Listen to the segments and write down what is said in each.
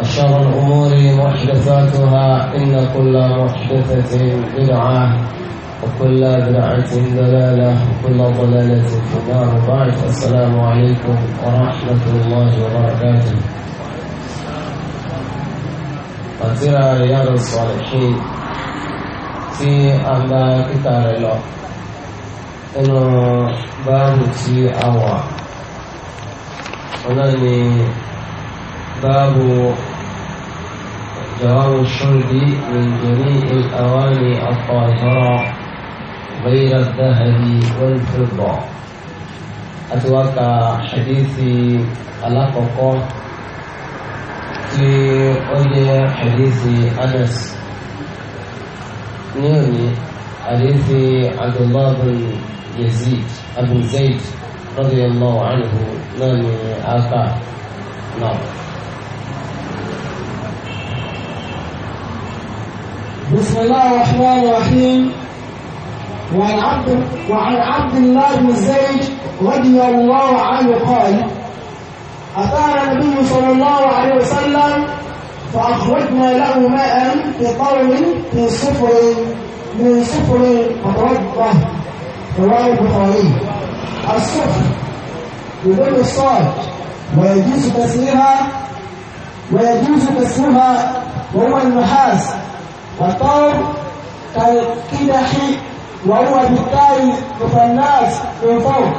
وشر الأمور محدثاتها إن كل محدثة بدعة وكل بدعة ضلالة وكل ضلالة في النار بعد السلام عليكم ورحمة الله وبركاته وترى رياض الصالحين في أبا كتار الله إنه باب في أوى ونني باب جواب الشرب من جميع الأواني الطاهرة غير الذهب والفضة أتوقع حديثي فقه في قول حديث أنس نيوني حديث عبد الله بن يزيد أبو زيد رضي الله عنه من أكا نعم بسم الله الرحمن الرحيم وعن عبد وعن عبد الله بن زيد رضي الله عنه قال أتانا النبي صلى الله عليه وسلم فأخرجنا له ماء بقول في صفر من صفر متوضة رواه البخاري الصفر بدون الصاد ويجوز كسرها ويجوز كسرها وهو النحاس والطور كالقدح وهو بالتالي مثلث من فوق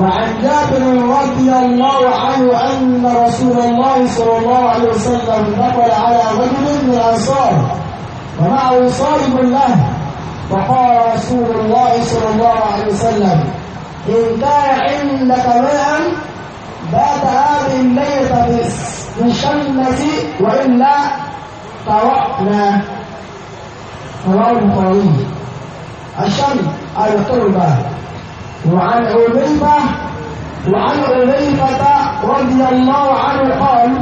وعن جابر رضي الله عنه أن رسول الله صلى الله عليه وسلم دخل على رجل من الأنصار ومعه صائب له فقال رسول الله صلى الله عليه وسلم إن كان عندك ماء بات هذه الليلة بالشمس وإلا طوعنا طواو عشان على طلبة وعن عبيبة وعن عبيبة رضي الله عنه قال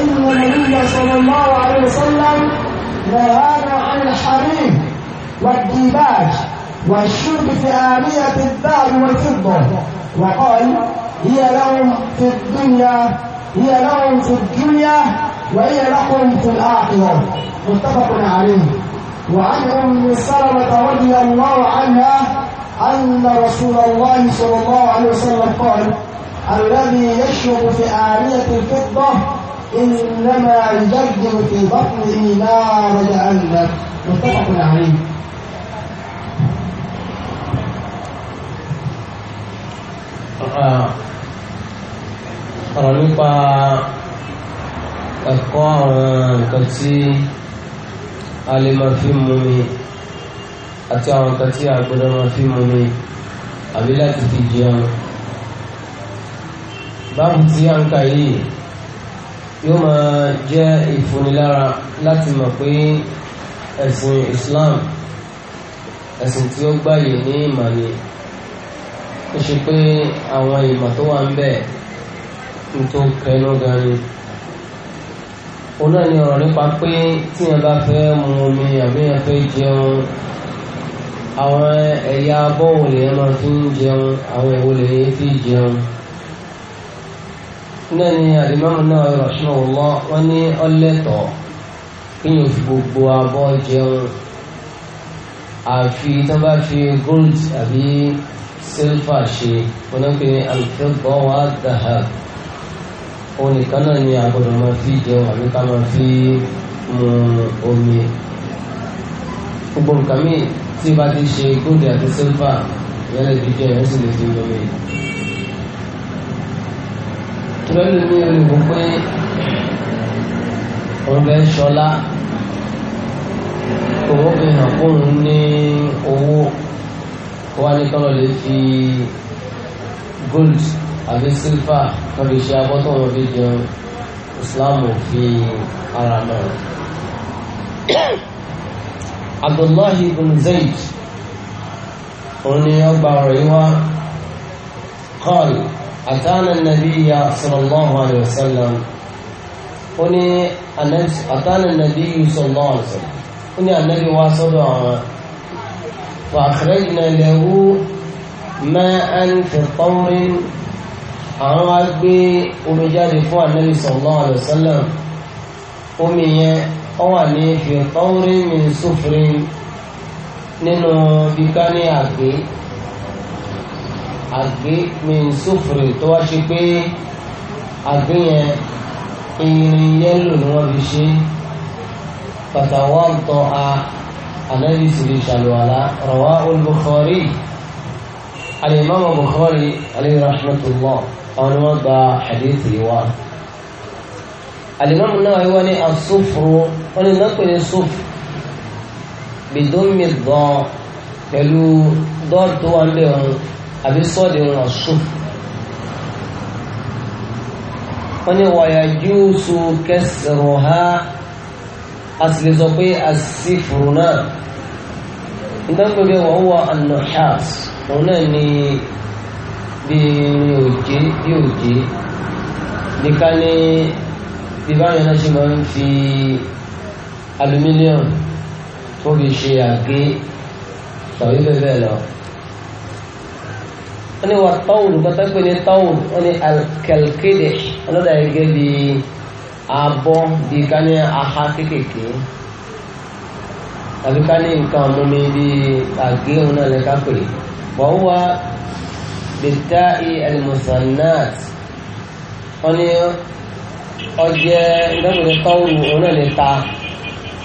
إن النبي صلى الله عليه وسلم نهانا عن الحريم والديباج والشرب في آنية الذهب والفضة وقال هي لهم في الدنيا هي لهم في الدنيا وهي لهم في الآخرة متفق عليه وعن أم سلمة رضي الله عنها أن رسول الله صلى الله عليه وسلم قال الذي يشرب في آنية الفضة إنما يجرجر في بطنه نار جهنم متفق عليه آه. ọ̀rọ̀ nípa ẹ̀kọ́ àwọn nǹkan tí a lè máa fi mú mi àti àwọn nǹkan tí a gbọ́dọ̀ máa fi mú mi àbí láti fi jẹun báàbù tí a ń kà yìí yóò máa jẹ́ ìfúnilára láti mọ̀ pé ẹ̀sìn Islam ẹ̀sìn tí ó gbàyè ní ìmọ̀ ni ó ṣe pé àwọn ìmọ̀ tó wà ń bẹ̀ẹ́ tó kẹ lọ́gàn ni òun náà ni ọ̀rọ̀ nípa pé tí yẹn bá fẹ́ mu omi àbí yẹn fẹ́ jẹun àwọn ẹ̀yà bọ́ọ̀lù yẹn máa fi ń jẹun àwọn ìwòlè yẹn fi jẹun náà ni àdìmọ́mù náà ìrọ̀ṣùnà ọ̀lọ́ wọn ní ọlẹ́tọ̀ kí yóò fi gbogbo abọ́ jẹun àfi tó bá fi gold àbí silver ṣe wọn náà pé alifẹ́ bọ́ wá dahab òun nìkan náà ni àgbọ̀dọ̀ máa fi jẹun àbí ká máa fi mu omi gbogbo nǹkan míì tí bá ti ṣe góòdì àti sílvà ìyẹn lè fi jẹ ìyẹn sì lè fi mu omi. tùrẹ́lù ní olùkọ́ pé òun fẹ́ ṣọlá owó fi hàn fóun ní owó wá ní kọ́lọ̀ lè fi gold. أبي سلفا فريشيا بطو وبيد إسلام في أرامة عبد الله بن زيد أني أبا ريوا قال أتانا النبي صلى الله عليه وسلم أني أتانا النبي صلى الله عليه وسلم أني النبي واصل فأخرجنا له ماء في طور àwọn wá gbé olùjáde fún anabi sallallahu alaihi wasallam omi yẹn ọ wà ní fi qawri min sufrin nínú bíká ní àgbé àgbé min sufrin tó wá ṣe pé àgbé yẹn irin yẹ́lò ni wọ́n fi ṣe pàtàwọ́ ń tọ́ a anabi sì ṣàlùwàlá rawahu al الإمام البخاري عليه رحمة الله أنا وضع حديث و الإمام النووي وني الصفر وني نقل الصفر بدم الضاء pẹ̀lú dọ́ọ̀tù wa ń bẹ̀ wọn àbí sọ́ọ̀dì wọn ṣùfù wọ́n ní wàyà júùsù ìdánkòrè wọn wà anuhas òun náà ni bí irin òjé bí òjé bí ká ní bí báyọ̀ náà ṣe máa ń fi alumíníọ̀mù tó fi ṣe àgé tàbí bẹ́ẹ̀ bẹ́ẹ̀ lọ wọ́n ní wa tawul bàtà pé ní tawul wọ́n ní alkalkede ọlọ́dà yìí gẹ́gẹ́ bí abọ́ bí ká ní aha kékèké àbí ká ní nǹkan ọmọ mi bí àgéhùn náà lẹ́ka pèrè wọ́n wá bìtá al-musannat wọ́n ní ọjẹ́ ìdọ́gbẹ̀rẹ̀ kọ́wùrù òun náà lè ta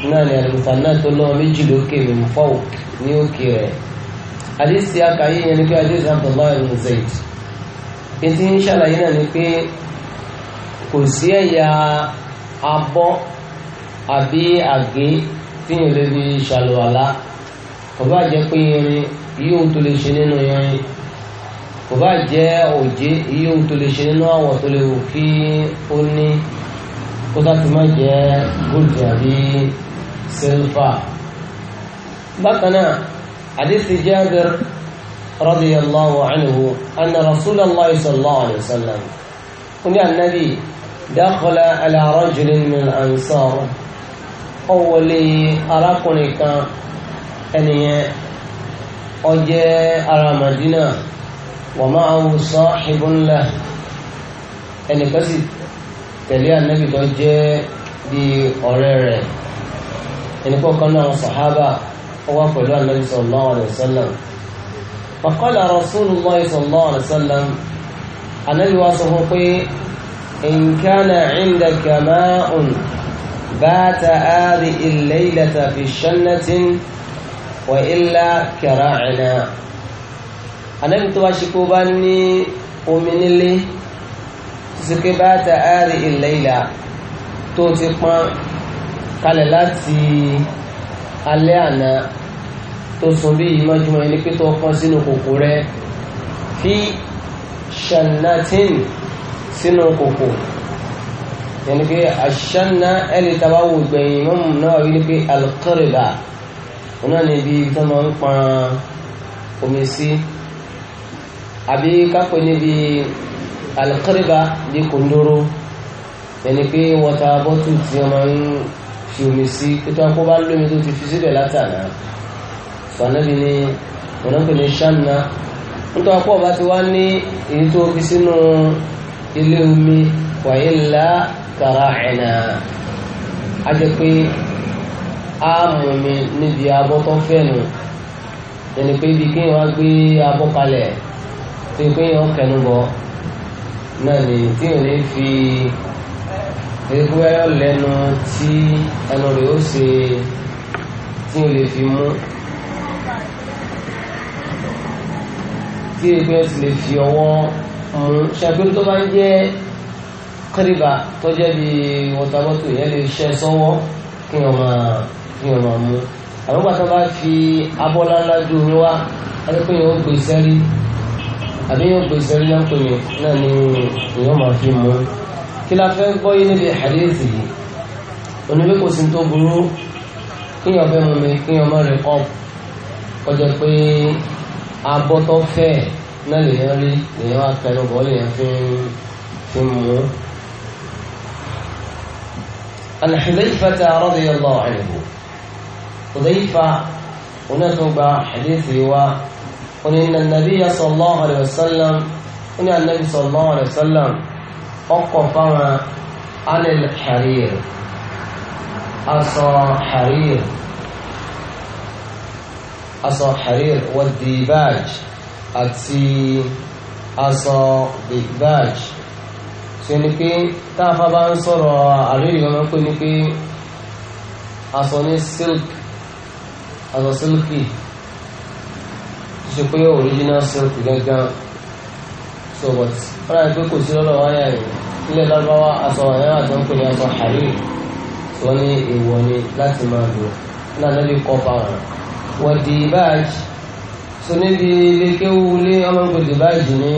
náà ní al-musannat tó lọ́wọ́ méjì lókè mi fọ́ ní òkè rẹ̀ àdìsí akáyé yẹn ni pé àdìsí Abdullah ibn etí ń ṣàlàyé náà ni pé kò sí ẹ̀yà abọ́ àbí àgé tíyìn lè fi ṣàlùwàlá kò bá jẹ́ pé irin yóò tó lè ṣe nínú irin kò bá jẹ́ òjé yóò tó lè ṣe nínú àwọ̀ tó lè wò kí ó ní kó láti má jẹ́ góòlù àbí sílfà. bákan náà àdìsí Jábìr radiyallahu anhu anna rasulallah sallallahu alayhi wa sallam ó ní ànábì dakhala ala rajulin min ansar ọwọlé arákùnrin kan ẹnìyẹn ọjẹ́ ara Madina wa ma'ahu sahibun lahu ẹnìkan sì tẹ̀lé ànábì tó jẹ́ bí ọ̀rẹ́ rẹ̀ ẹnìkan kan náà sàhábà ọwọ́ pẹ̀lú ànábì sallallahu alaihi wasallam faqala rasulullah sallallahu alaihi wasallam ànábì wa sọ fún pé in kana indaka ma'un بات هذه الليلة في شنة وإلا كراعنا أنا متواشكو باني ومن اللي تسكي بات هذه الليلة توتيقما قال لاتي أليانا تصبي مجموعة لكي توقن سنو كوكوري في شنة سنو كوكوري yẹn ni pé aṣáná ẹ̀lì taba wò gbẹ̀yìn mọ́mù náà wí ni pé alqariba wọn náà níbi tó máa ń pọn omi sí àbí kápẹ́ níbi alqariba bí kòndóró yẹn ni pé wọ́ta bọ́tù tí wọ́n máa ń fi omi sí pété wọn kó bá lómi tó ti fi síbẹ̀ látàná fanabi ni wọn náà ní ṣáná nítorí pọ̀ bá ti wá ní èyí tó fi sínú ilé omi wàyí ńlá kàràìnà a jẹ́ pé a mú mi níbi abọ́ tó fẹ́nu ẹni pé ibi kí wọ́n gbé abọ́ kalẹ̀ tó pé wọ́n kẹnu bọ̀ náà ni tí ò ní fi ewúrẹ́ lẹ́nu tí ẹnu rẹ̀ ó ṣe tí ò lè fi mú. tí ewúrẹ́ sì lè fi ọwọ́ mú ṣàgbéwò tó bá ń kírìbà tó jẹ́ bí wọ́tabọ́tò yẹn lè ṣe sọ́wọ́ kí wọ́n máa kí wọ́n máa mú àwọn gbàtà bá fi abọ́lá ńlá ju omi wá wọ́n pè yẹn ó gbé sẹ́rí àbí yẹn ó gbé sẹ́rí náà pè yẹn náà ni èèyàn máa fi mú kí la fẹ́ gbọ́ yín níbi àdéhìsì yìí oníbí kò sí tó burú kí wọ́n fẹ́ mú mi kí wọ́n má rẹ̀ ọ́p kọjá pé abọ́tọ́ fẹ́ẹ̀ náà lèèyàn rí lèèyàn wá tẹnubọ́ lèèyàn fi ń fi mú الحذيفة حذيفة رضي الله عنه حذيفة ونتوب حديثه و إن النبي صلى الله عليه وسلم إن النبي صلى الله عليه وسلم وقف عن الحرير أصى حرير أصى حرير والديباج أتسي أصى ديباج ṣe ni pé táàfà bá ń sọ̀rọ̀ àríyìn ọmọ pé ni pé aṣọ ní silk aṣọ silky ṣe pé original silk gangan so but wọ́n rà pé kò sí lọ́dọ̀ wáyà yìí nílẹ̀ lọ́dọ̀wá aṣọ àyàn àti ọ̀pẹ̀ ní aṣọ àríyìn tí wọ́n ní èèwọ̀ ni láti máa lò náà lọ́dọ̀ kọ́ fáwọn wọ́n di báàjì so níbi ilé kéwu lé ọmọ gbòdì báàjì ní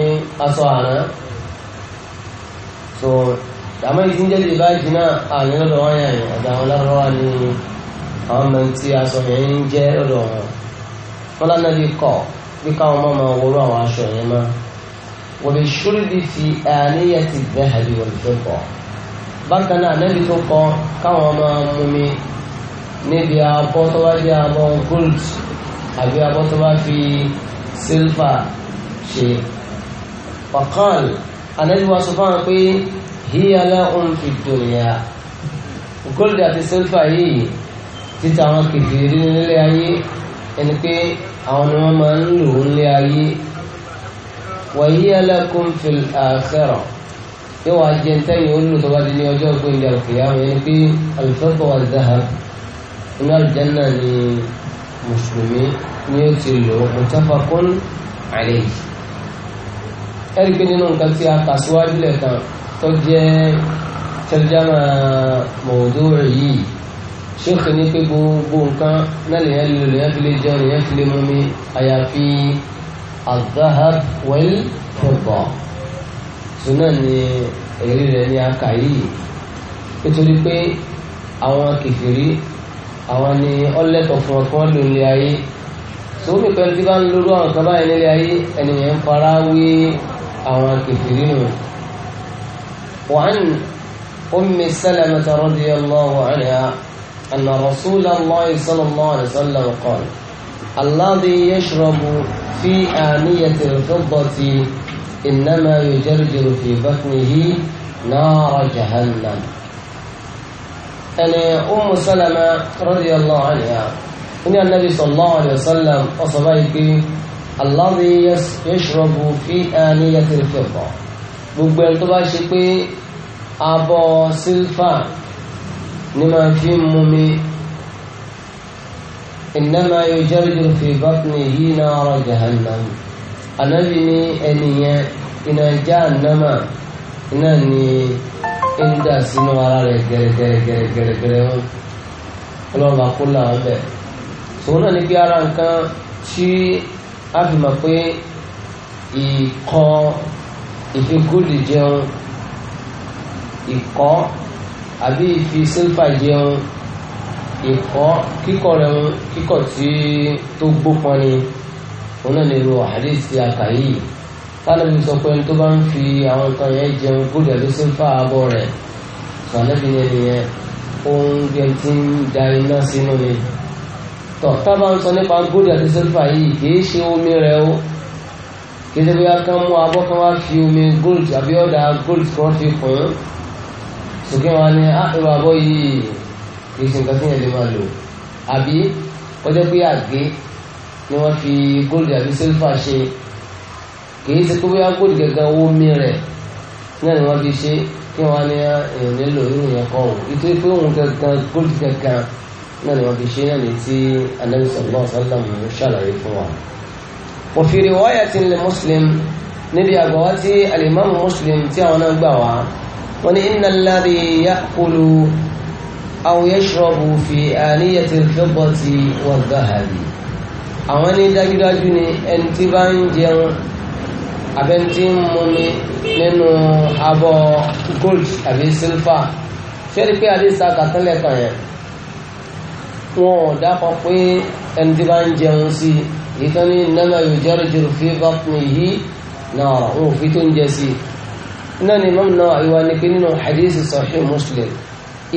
aṣọ àrán so àmọ́ ìdí ń jẹ́lẹ̀ báyìí náà àní lọ́dọ̀ wọn yàn yàn ọ̀dà àwọn lọ́rọ̀ wa ni àwọn ọmọ tí aṣọ yẹn ń jẹ́ lọ́dọ̀ wọn wọn lánàá lè kọ́ bí káwọn ọmọ máa wọlé àwọn aṣọ yẹn mọ́ wọ́n lè ṣúrí bí fi àníyàn ti bẹ́ àbí wọ́n lè kọ́ bákan náà ànábì tó kọ́ káwọn ọmọ mú mi níbi abọ́ tó bá jẹ́ abọ́ gold àbí abọ́ tó bá fi silver ṣe. Fakal ànábì wa sọ fáwọn pé hiya lahum fi dunya gold àti silver yìí títa àwọn kìfìrí nílé ayé ẹni pé àwọn ni wọ́n máa ń lò ó nílé ayé wa hiya lakum fil akhirah yóò wá jẹ ntẹ́yìn olùtọ́ba di ní ọjọ́ ìpínlẹ̀ òkèèyàn ẹni pé al-fidda wa inú àlùjànnà ni mùsùlùmí ni ó ti lò mutafaqun alayhi ẹ̀rí pé nínú nǹkan tí a kà síwájú lẹ́ẹ̀kan tó jẹ́ tẹ́lẹ̀jáma mọ̀ọ́dọ́ yìí ṣéèkì ní pé gbogbo nǹkan náà lè yẹn lè lè yẹn fi lè jẹun lè yẹn fi lè mú mi àyàfi azahab wẹ́l fọ̀bọ̀ tó náà ni èrí rẹ̀ ní aka yìí nítorí pé àwọn kìfìrí àwọn ni ọlẹ́tọ̀ fún ọkàn ló ń lé ayé tó mi pẹ́ẹ́lú tí bá ń lórú àwọn kan báyìí nílé ayé ẹnìyẹn ń fara wé àwọn kìfìrí nù wọ́n أم سلمة رضي الله عنها أن رسول الله صلى الله عليه وسلم قال الذي يشرب في آنية الفضة إنما يجرجر في بطنه نار جهنم ẹni Ummu Salama radiyallahu anha ní Ànábì sallallahu alayhi wa sallam ọ̀sọ̀bá ìpé الذي يشرب في آنية الفضة gbogbo ẹni tó bá ṣe pé abọ́ sílfà ní máa fi ń mumi إنما يجرجر في بطنه نار جهنم Ànábì ní ẹni yẹn iná jahannama iná ni ń dà sínú ara rẹ̀ gẹ̀rẹ̀gẹ̀rẹ̀gẹ̀rẹ̀gẹ̀rẹ̀ wọn ọlọ́run bá kó làwọn bẹ̀ tòun náà ní pé ara nǹkan tí a fi mọ̀ pé ìkọ́ ìfikúlì jẹun ìkọ́ àbí ìfi sílfà jẹun ìkọ́ kíkọ̀ rẹ̀ ń kíkọ̀ tí tó gbópọn ni òun náà lè lo àdéhìsí àkàyè tálẹ́bí sọ pé tó bá ń fi àwọn nǹkan yẹn jẹun kúlẹ̀ ló sílfà abọ́ rẹ̀ sọ̀nẹ́bí yẹn nìyẹn ó ń gẹ tí ń da iná sínú ni tọ̀ tábà ń sọ nípa góòdì àti sílfà yìí kìí ṣe omi rẹ̀ o kìí ṣe bóyá kán mú abọ́ kán wá fi omi góòdì àbí ọ̀dà góòdì kan fi kùn ún sókè wọn ni á ah, ìwà abọ́ yìí kìí ṣe nǹkan tí yẹn lè máa lò àbí ọjọ́ pé àgé ni wọ́n fi góòdì àbí sílfà ṣe kìí ṣe pé bóyá góòdì gẹ́gẹ́ owó mi rẹ̀ náà ni wọ́n fi ṣe kí wọ́n á ní ah, èèyàn nílò irú yẹn kọ́ òun pé òun gẹ́gẹ́ góòdì gẹ́gẹ́ náà ni wọ́n fi ṣe náà ní tí anabi sallallahu alaihi wasallam ṣàlàyé fún wa. wa fi riwayatin li muslim níbi àgbàwá tí alimami muslim tí àwọn náà gbà wá wọ́n ní inna alladhi ya'kulu aw yashrabu fi aniyati al-fiddati wal-dhahabi. àwọn ní dájúdájú ni ẹni tí bá ń jẹun abẹ́ntí ń mumi nínú abọ́ gold àbí silver ṣé rí pé adé sa kàtúnlẹ̀ kan yẹn wọn ò dákọ̀ pé ẹni tí bá ń jẹun sí èyí tó ní nàmà yóò jẹ́rù jùlọ fi bá yìí náà wọn ò fi tó ń jẹ sí i náà ni mọ́mù náà àyíwá ni pé nínú hadith sahih muslim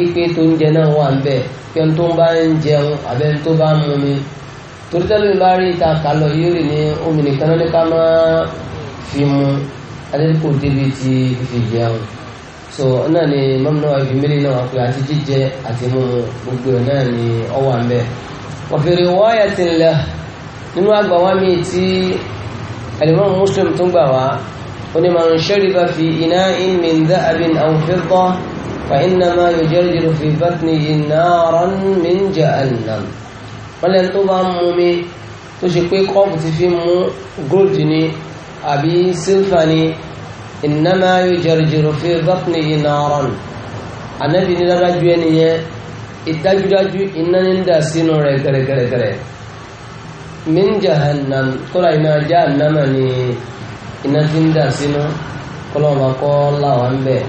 ipe tó ń jẹ náà wà ń bẹ̀ pé ẹni tó bá ń jẹun àbẹ́ ẹni tó bá ń mu mi torí mi bá rí ìta kálọ̀ yóò rí ní omi nìkan ní ká máa fi mu adé débi ti fi jẹun so náà ni mọ́mọ́ náà ibi mílí náà pé àti jíjẹ àti mú gbogbo ẹ̀ náà ni ọ wà ń bẹ̀. wàfẹ̀rẹ̀ wáyà ti ń lẹ nínú àgbà wá mi tí ẹ̀lẹ́mọ́ Muslim tó gbà wá ó ní màá ń shariba fi ina'in min dhahabin aw fidda fa innama yujarjiru fi batnihi naran min jahannam. wọ́n lẹ́nu tó bá ń mú mi tó ṣe pé kọ́ọ̀pù ti fi mú gold ni àbí silver ni ìnáma yóò jẹrìjìrò fi bọ́pìnì yìí nàárọ̀ nù ànábì ní dájú ẹni yẹn ìdájúdájú iná ní dà sínú rẹ̀ gẹ̀rẹ̀gẹ̀rẹ̀ min jahannam kóra iná jahannama ni iná ti ń dà sínú kọlọ́ọ̀bá kọ́ làwọn bẹ̀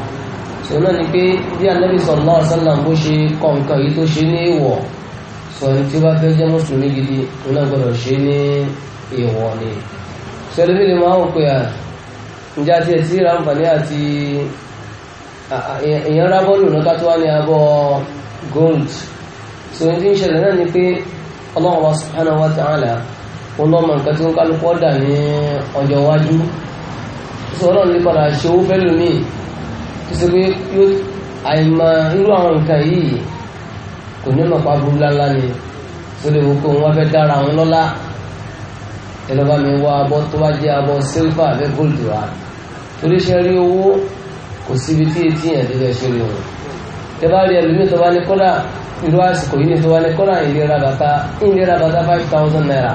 sọ náà ni pé bí ànábì sallallahu alaihi wasallam bó ṣe kọ́ nǹkan yìí tó ṣe ní ìwọ̀ sọ ẹni tí ó bá fẹ́ jẹ́ mùsùlùmí gidi òun náà gbọ́dọ̀ ni sọ ẹni bí lè máa ǹjẹ́ àti ẹ̀tí ráǹfààní àti èèyàn rábọ́ọ̀lù lọ́ká tó wá ní abọ́ gold so ní tí ń ṣẹlẹ̀ náà ni pé Allahu subhanahu wa ta'ala olọ́mọ nǹkan tí ó ń kálukú ọ̀dà ní ọjọ́ iwájú so ọlọ́run ní padà ṣe owó fẹ́ lónìí tó ṣe pé yóò àìmọ irú àwọn nǹkan yìí kò ní mọ̀pá burú láńlá ni tó lè wo pé òun wá fẹ́ dára òun lọ́lá ẹlọ́ba mi wá abọ́ tó bá jẹ́ abọ́ sílfà abẹ́ góòlù wa torí ṣe rí owó kò síbi tí etí yẹn ti fẹ́ ṣe rí wọn tẹ bá rí ẹlòmíì tó bá ní kọ́dà irú àsìkò yìí ní tó bá ní kọ́dà ìlera bàtà ìlera bàtà five thousand naira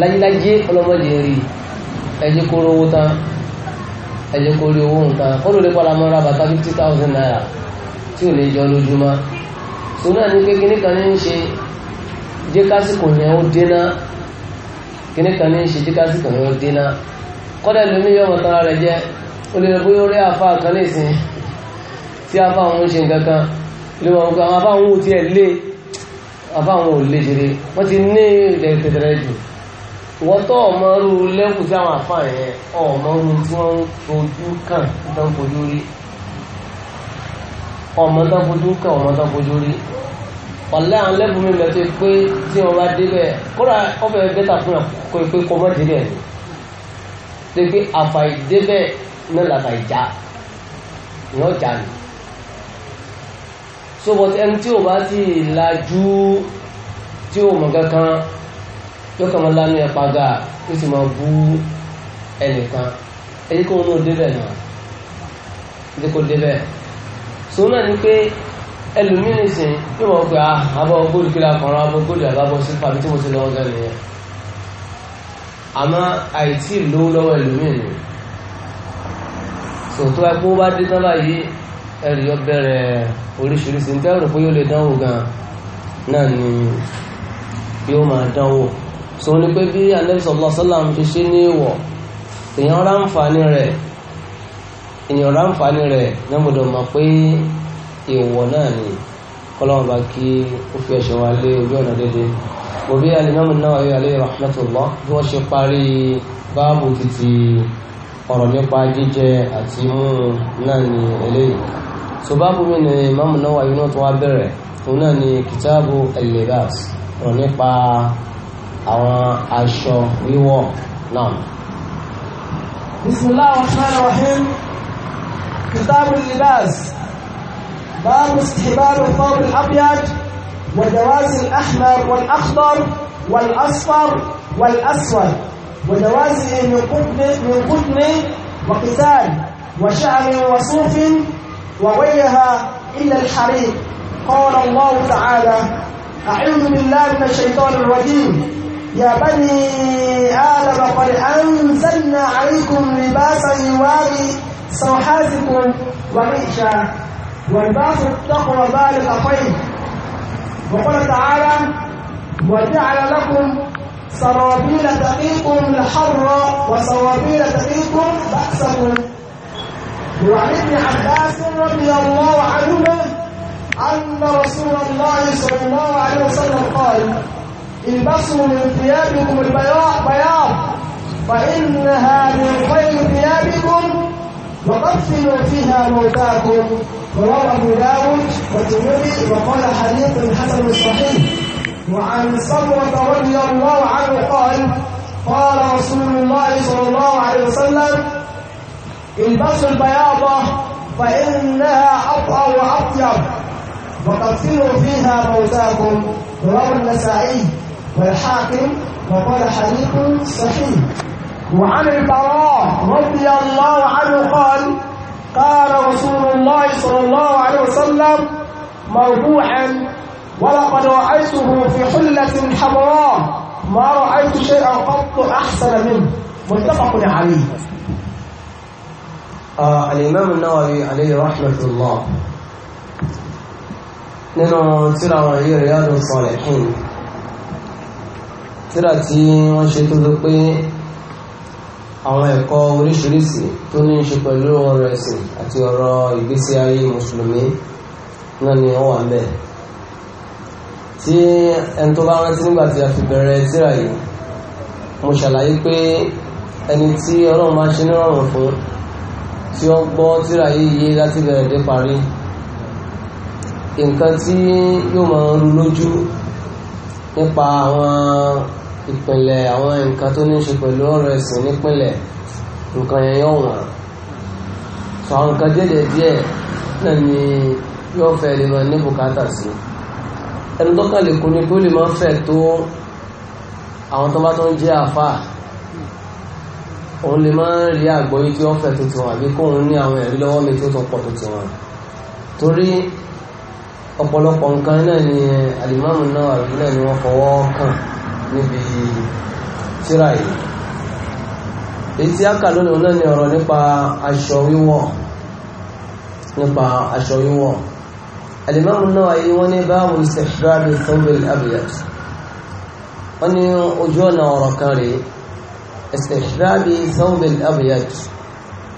lájílájí ọlọ́mọdé rí ẹjẹ́ kó rówó tán ẹjẹ́ kó rí owó nǹkan ó lórí padà mọ́ra bàtà fifty thousand naira tí ò ní jọ lójúmọ́ tó náà ní pé kíní kan ní ń ṣe jẹ́ kásìkò yẹn ó dé náà kíní kan ní ṣe jíkásí kan ní ó dínà kọ́dà lómi yọ ọmọtara rẹ̀ jẹ́ ó lè rẹ̀ bóyá orí àfa kan ní ìsìn tí àfa òun ṣe nǹkan kan lè wọ́n gbọ́ àwọn àfa òun ti ẹ̀ lé àfa òun ò lé jire wọ́n ti ní ilẹ̀ tẹ̀tẹ̀rẹ̀ jù wọ́n tọ́ ọmọ rú lẹ́kùn sí àwọn àfa yẹn ọmọ ohun tí wọ́n ń fojú kàn tó ń fojú rí ọmọ tó ń fojú kàn ọmọ tó ń fojú rí ọ̀lẹ́ àwọn lẹ́bùn mi mẹ́tọ́ pé tí wọ́n bá débẹ̀ kóra ọ̀fẹ́ bẹ́tà fún yàn kó pé kọ́ mọ́ débẹ̀ ni tó pé àfàì débẹ̀ náà làfàì já ìyàn já ni so but ẹni tí o bá ti lajú tí o mọ̀ kankan yóò máa lánàá ẹ̀pá ga yóò sì máa bú ẹnìkan ẹni kó wọn náà débẹ̀ náà ẹni kó débẹ̀ so náà ni pé ẹlòmí ní sìn yóò mọ̀ pé àbọ̀ góòlù kílà kan rán abọ́ góòlù àbábọ̀ sí pàbí tí mo ti lọ́wọ́ gan nìyẹn àmọ́ àìtí ìlówó lọ́wọ́ ẹlòmí ni sòtò ẹ kó bá dé tán báyìí ẹrì yọ bẹ̀rẹ̀ oríṣiríṣi níta rò pé yóò lè dánwò gan náà ni yóò máa dánwò sọ ni pé bí Ànábì sallallahu alaihi wasallam ṣe ṣe ní ìwọ̀ èèyàn ráǹfààní rẹ̀ èèyàn ráǹfààní rẹ̀ ní ọmọdé ọmọ pé ìwọ̀ náà ni kọ́lọ́wọ́n bá kí ó fi ẹ̀ṣẹ̀ wa lé ojú ọ̀nà dédé òbí alimami Nawawi alayhi rahmatullah bí wọ́n ṣe parí báàbù títí ọ̀rọ̀ nípa jíjẹ àti mímu náà ni eléyìí so báàbù mi ni Imam Nawawi náà tó wá bẹ̀rẹ̀ fún náà ni kìtáàbù al ọ̀rọ̀ nípa àwọn aṣọ wíwọ̀ náà. bismillah rahman rahim kìtáàbù al باب استحباب الثوب الابيض وجواز الاحمر والاخضر والاصفر والاسود وجوازه من قطن من قطن وقتال وشعر وصوف وغيرها الا الحريق قال الله تعالى اعوذ بالله من الشيطان الرجيم يا بني آدم قد أنزلنا عليكم لباسا يواري سوحاتكم وريشا ولباس التقوى ذلك فيه وقال تعالى وجعل لكم سرابيل تقيكم الحر وسرابيل تقيكم بأسكم وعن ابن عباس رضي الله عنهما أن رسول الله صلى الله عليه وسلم قال البسوا من ثيابكم البياض بياض فإنها من خير ثيابكم وقتلوا فيها موتاكم رواه أبو داود والترمذي وقال حديث حسن صحيح وعن صبرة رضي الله عنه قال قال رسول الله صلى الله عليه وسلم البسوا البياضة فإنها أطهر وأطيب وقتلوا فيها موتاكم رواه النسائي والحاكم وقال حديث صحيح وعن البراء رضي الله عنه قال قال رسول الله صلى الله عليه وسلم مرفوعا ولقد رأيته في حلة حمراء ما رأيت شيئا قط أحسن منه متفق عليه آه الإمام النووي عليه رحمة الله nínú tíra wọn yìí Riyadus Salihin tíra tí wọ́n ṣe tó ló pé àwọn ẹ̀kọ́ oríṣiríṣi tó ní í ṣe pẹ̀lú ọ̀rọ̀ ẹ̀sìn àti ọ̀rọ̀ ìgbésí ayé mùsùlùmí náà ni wọ́n wà ń bẹ̀. tí ẹni tó bá rántí nígbà tí a fi bẹ̀rẹ̀ tírà yìí mo ṣàlàyé pé ẹni tí ọlọ́run máa ṣe nírọ̀rùn fún tí ó gbọ́ tírà yìí yé láti bẹ̀rẹ̀ dé parí nǹkan tí yóò máa rú lójú nípa àwọn ìpìnlẹ̀ àwọn nǹkan tó ní ṣe pẹ̀lú ọ̀rọ̀ ẹ̀sìn nípìnlẹ̀ nǹkan yẹn yóò wọ̀n sọ àwọn nǹkan díẹ̀ díẹ̀ náà ni yóò fẹ́ lè máa ní bùkátà sí ẹni tó kàn lè kú ni kó lè máa fẹ́ tó àwọn tó bá tó ń jẹ́ àfà òun lè máa rí àgbọ́yé tí wọ́n fẹ́ tó ti wọn àbí kóun ní àwọn ẹ̀rí lọ́wọ́ mi tó tó pọ̀ tó wọn torí ọ̀pọ̀lọpọ̀ nǹkan náà ni Al-Imam Nawawi náà ni wọ́n fọwọ́ kàn níbi tíra yìí èyí tí a kà lónìí náà ni ọ̀rọ̀ nípa aṣọ wíwọ̀ nípa aṣọ wíwọ̀ Al-Imam Nawawi wọ́n ní báwo istihbab ath-thawb al-abyad wọ́n ní ojú ọ̀nà ọ̀rọ̀ kan rèé istihbab ath-thawb al-abyad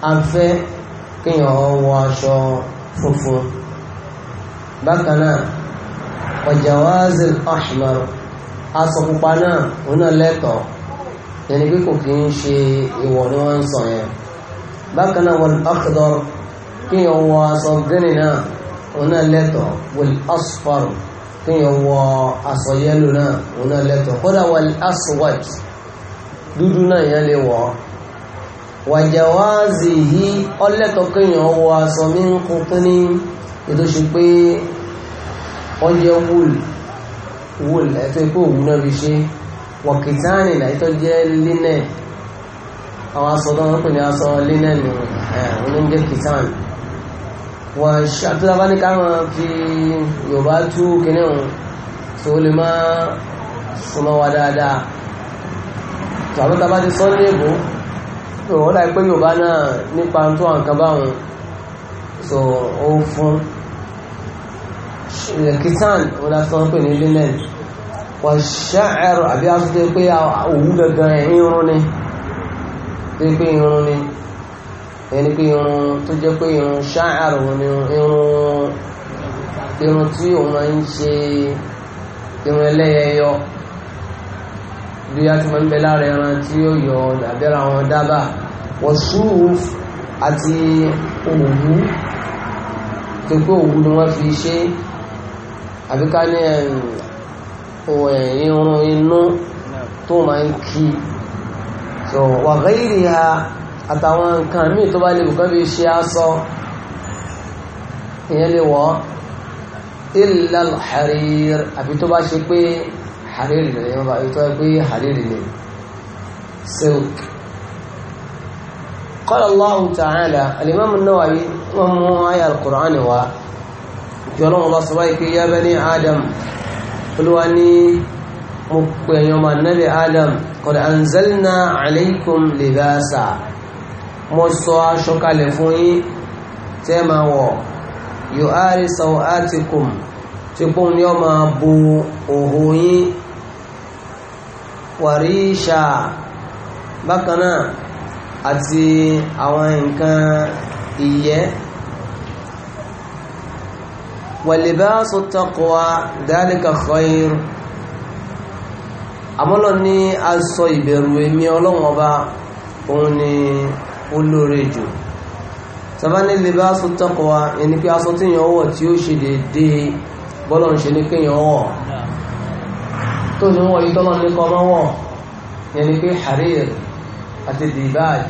afẹ́ wọ aṣọ funfun bákan náà wa jawaz al-ahmar aṣọ pupa náà òun náà lẹ́tọ̀ọ́ yẹni pé kò kí ń ṣe ìwọ̀ ni wọ́n ń sọ yẹn bákan náà wal akhdar kí yẹn wọ aṣọ gíní náà òun náà lẹ́tọ̀ọ́ wal asfar kí yẹn wọ aṣọ yẹ́lò náà òun náà lẹ́tọ̀ọ́ kódà wal aswad dúdú náà yẹn lè wọ̀ wàjàwáàzì yìí ọlẹ́tọ̀ọ́ kí yẹn wọ aṣọ mí ń kún kí ètò ṣe pé ọjẹ́ wúlù wool ẹ̀tọ́ ikú òun náà fi ṣe wọ̀kìtánì láìtọ́ jẹ́ línẹ̀ àwọn aṣọ tó wọ́n pè ní aṣọ línẹ̀ nù oníjẹ́ kìtán wọ́n ṣàtúnlábá ní káwọn fi yorùbá tú kìnìún ọ̀hún tó lè má súnmọ́ wa dáadáa tàbí tàbá ti sọ ní èbó òun láì pé yorùbá náà nípa tó àǹkan báwọn so ó fún kìtàn wọn lásán ń pè ní linen wà ṣáàrù àbí asúté pé òwú gangan irun ni tó pé irun ni ẹni pé irun tó jẹ́ pé irun ṣáàrù ni irun irun tí òun máa ń ṣe irun ẹlẹ́yẹyọ bí a ti máa ń bẹ lára ẹran tí ó yọ àbẹ́rẹ́ àwọn dábàá wọ́n ṣúù àti òwú tó pé òwú ni wọ́n fi ṣe é àbí ká ní irun inú tó máa ń kí so wà gẹ́rì ha àtàwọn nǹkan míì tó bá lè bùkọ́ bí ṣe aṣọ ìyẹn lè wọ́ illa al-harir àbí tó bá ṣe pé harir lè yẹn bá tó pé harir lè silk قال الله تعالى الإمام النووي an-Nawawi القرآن mú kí ọlọ́run bá sọ báyìí pé yá bani adam olúwa ní mo pè èèyàn mà nábì adam qad anzalna alaykum libasa mo sọ aṣọ kalẹ̀ fún yín tẹ́ máa wọ̀ yu'ari sawatikum tí pọ́n ní ọmọ bu òhò yín wàríṣà bákan àti àwọn nǹkan ìyẹ́ wàlìbáṣọ taqwa ذلك خير àmọ́lọ́ ní aṣọ ìbẹ̀rù èmi ọlọ́wọ́n ọba òun ni ó lóore jù sábà ní libaṣu taqwa ẹni pé aṣọ tí yàn wọ̀ tí ó ṣe dédé bọ́lọ̀ ń ṣe ní kéèyàn wọ̀ tó ní wọ̀ yìí tọ́lọ́ ní kọ́ máa wọ̀ yẹn harir àti dibaj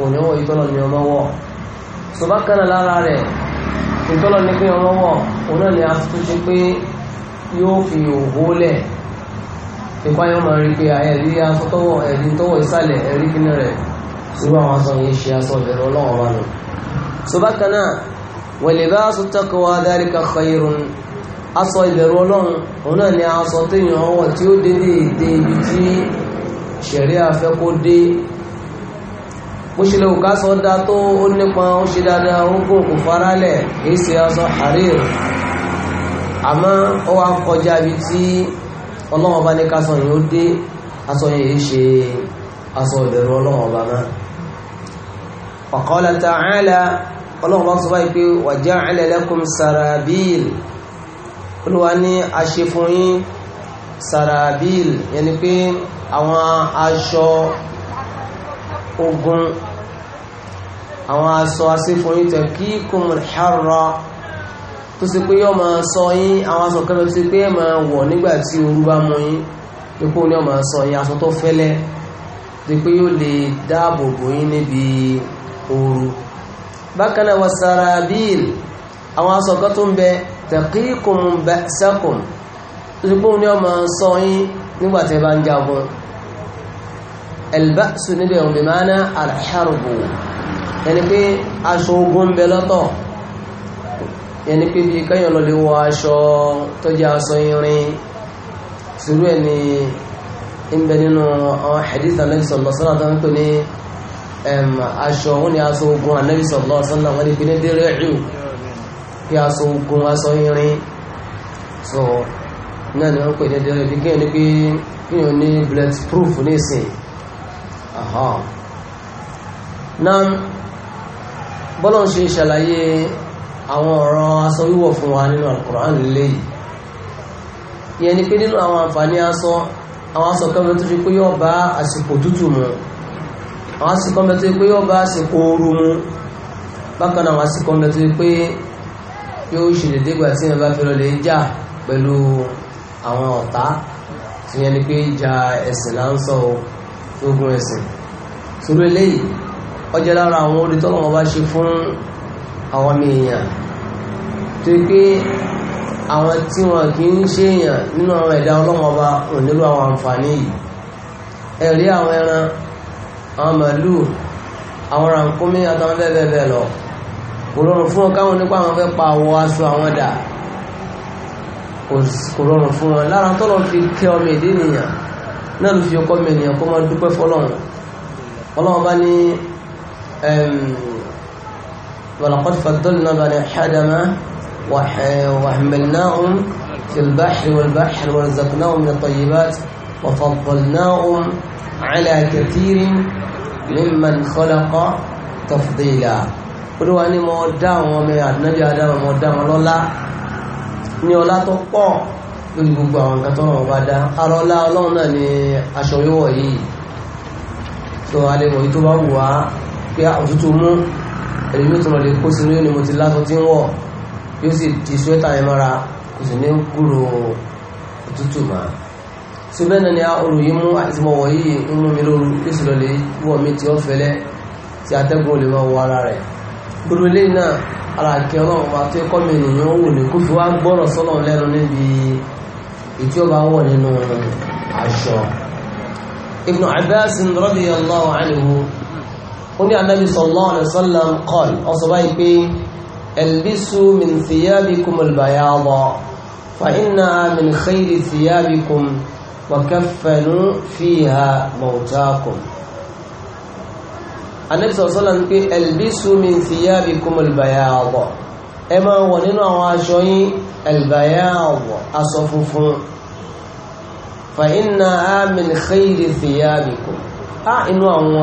òun ni wọ̀ yìí tọ́lọ́ ní ọmọ wọ̀ sọ bákan náà lára ìtọ́lọ ní pé ọlọ́wọ́ òun náà ni a tó ṣe pé yóò fi òhó lẹ̀ ipa yóò máa rí pé ẹ̀rí asọ́tọ́wọ̀ ẹ̀rí tọ́wọ̀ ìsàlẹ̀ ẹ̀rí kíní rẹ̀ síbá àwọn aṣọ yìí ṣe aṣọ ìbẹ̀rù ọlọ́wọ́ bá nù. so bákan náà walibasu taqwa dhalika khayrun aṣọ ìbẹ̀rù ọlọ́run òun ni aṣọ téèyàn ọwọ́ tí ó dédé dé ibi tí ṣẹ̀rí afẹ́kó dé bó ṣe lè òkà sọ dá tó ó nípa ó ṣe dáadáa ó gùn kò faralẹ̀ èyí ṣe aṣọ harir àmọ́ ó wá kọjá ibi tí ọlọ́wọ́n bá ní ká sọ yìí ó dé aṣọ yìí ṣe aṣọ ìbẹ̀rù ọlọ́wọ́n náà ọ̀kọ́lá ta'ala ọlọ́wọ́n bá sọ báyìí pé waja'ala lakum sarabil olúwa ní aṣe fún yín sarabil yẹni pé àwọn aṣọ ogun àwọn aṣọ aṣífòyìn tẹ̀ kí kò mọ̀ ṣàrọ̀ tó ṣe pé yọ́ máa sọ yín àwọn aṣọ kẹ́lẹ́ tó ṣe pé ẹ̀ máa wọ̀ nígbà tí bá mú yín tó kó ní ọmọ sọ yín aṣọ tó fẹ́lẹ́ tó pé yóò lè dáàbò bò yín níbi ooru bákan náà wọ sarabil àwọn aṣọ kan tó ń bẹ tẹ̀kíkùn bẹ́sẹ̀kùn tó ṣe pé ní ọmọ sọ yín nígbà tẹ́ bá ń jagun ẹ̀lbáṣù níbẹ̀ òbí máa ná alḥarbu ẹni pé aṣọ ogun bẹ lọ́tọ̀ ẹni pé bí káyọ̀ lọ lè wọ aṣọ tó jẹ́ aṣọ irin sùúrù ẹ̀ ni ń bẹ nínú àwọn hadith anabi sallallahu alaihi wasallam tó ń pè ní aṣọ ni aṣọ ogun anabi sallallahu alaihi wasallam ni pé ní dérẹ́ẹ̀ù kí aṣọ ogun aṣọ irin so náà ni wọ́n pè ní dérẹ́ẹ̀ù bí kéèyàn ní pé kéèyàn ní bulletproof ní náà bọ́lọ̀ ń ṣe ṣàlàyé àwọn ọ̀rọ̀ aṣọ wíwọ̀ fún wa nínú Al-Qur'an lèyí ìyẹn ni pé nínú àwọn àǹfààní aṣọ àwọn aṣọ kan tó ṣe pé yóò bá àsìkò tútù mu àwọn aṣọ kan tó ṣe pé yóò bá àsìkò ooru mu bákan àwọn aṣọ kan tó pé yóò ṣe lè dégbà tí wọn bá fẹ́ lọ jà pẹ̀lú àwọn ọ̀tá ìyẹn ni pé ìjà ẹ̀sìn là o ogun ẹ̀sìn sórí eléyìí ọjọ́ lára àwọn orí tọ́lọ́wọ́ bá ṣe fún àwọn ọmọ èèyàn tó yí pé àwọn tí wọn kì í ṣe èèyàn nínú àwọn ẹ̀dá ọlọ́wọ́ ò nílò àwọn àǹfààní yìí ẹ̀rí àwọn ẹran àwọn màlúù àwọn rànkúnmí àtàwọn bẹ́ẹ̀ bẹ́ẹ̀ lọ kò rọrùn fún wọn káwọn nípa àwọn fẹ́ pa àwọ aṣọ àwọn dà kò rọrùn fún wọn lára tọ́lọ́ fi kẹ́ ọmọ ìdí nìyàn náà ló fi ọkọ́ mi ènìyàn kó máa dúpẹ́ fọ́lọ́run ọlọ́run bá ní walaqad faddalna bani Adama wa hamalnahum fil bahri wal bahri wa razaqnahum min at-tayyibat wa faddalnahum ala kathirin mimman ọmọ àdínájọ́ adáwọn ọmọ dá lọ́lá ní ọlá tó pọ̀ lórí gbogbo àwọn nǹkan tọ́rọ̀ bá dá arọ́lá ọlọ́run náà ni aṣọ wíwọ̀ yìí tó alẹ́wọ̀ yìí tó bá wù wá pé ah, òtútù mú ẹ̀rí yóò tọrọ lè kó sínú yóò ni mo ti lásọ tí ń wọ̀ yóò sì di sweater yẹn mọ́ra kò sì ní kúrò òtútù mà so bẹ́ẹ̀ náà ni olù yìí mú àti mọ̀ wọ̀ ń mú mi lóru yóò sì lọ lè wọ̀ mi tí ó fẹ́lẹ́ tí atẹ́gùn ò lè máa wọ ara rẹ̀ gbogbo eléyìí náà ara ọlọ́run wa tó kọ́ mi ènìyàn wò ní kó fi wá gbọ́rọ̀ sọ́lọ́run lẹ́nu níbi ìtí ó bá wọ̀ nínú aṣọ Ibn Abbas radiyallahu anhu ó ní anábì sallallahu alaihi wasallam qal ọsọ báyìí pé ẹ̀lbísù min thiyabikum al-bayada fa innaha min khayri thiyabikum wa kaffanu fiha mawtakum anábì sallallahu alaihi ẹ máa wọ̀ nínú àwọn aṣọ yín albayāḍ aṣọ funfun fa innahā min khayri thiyābikum á inú àwọn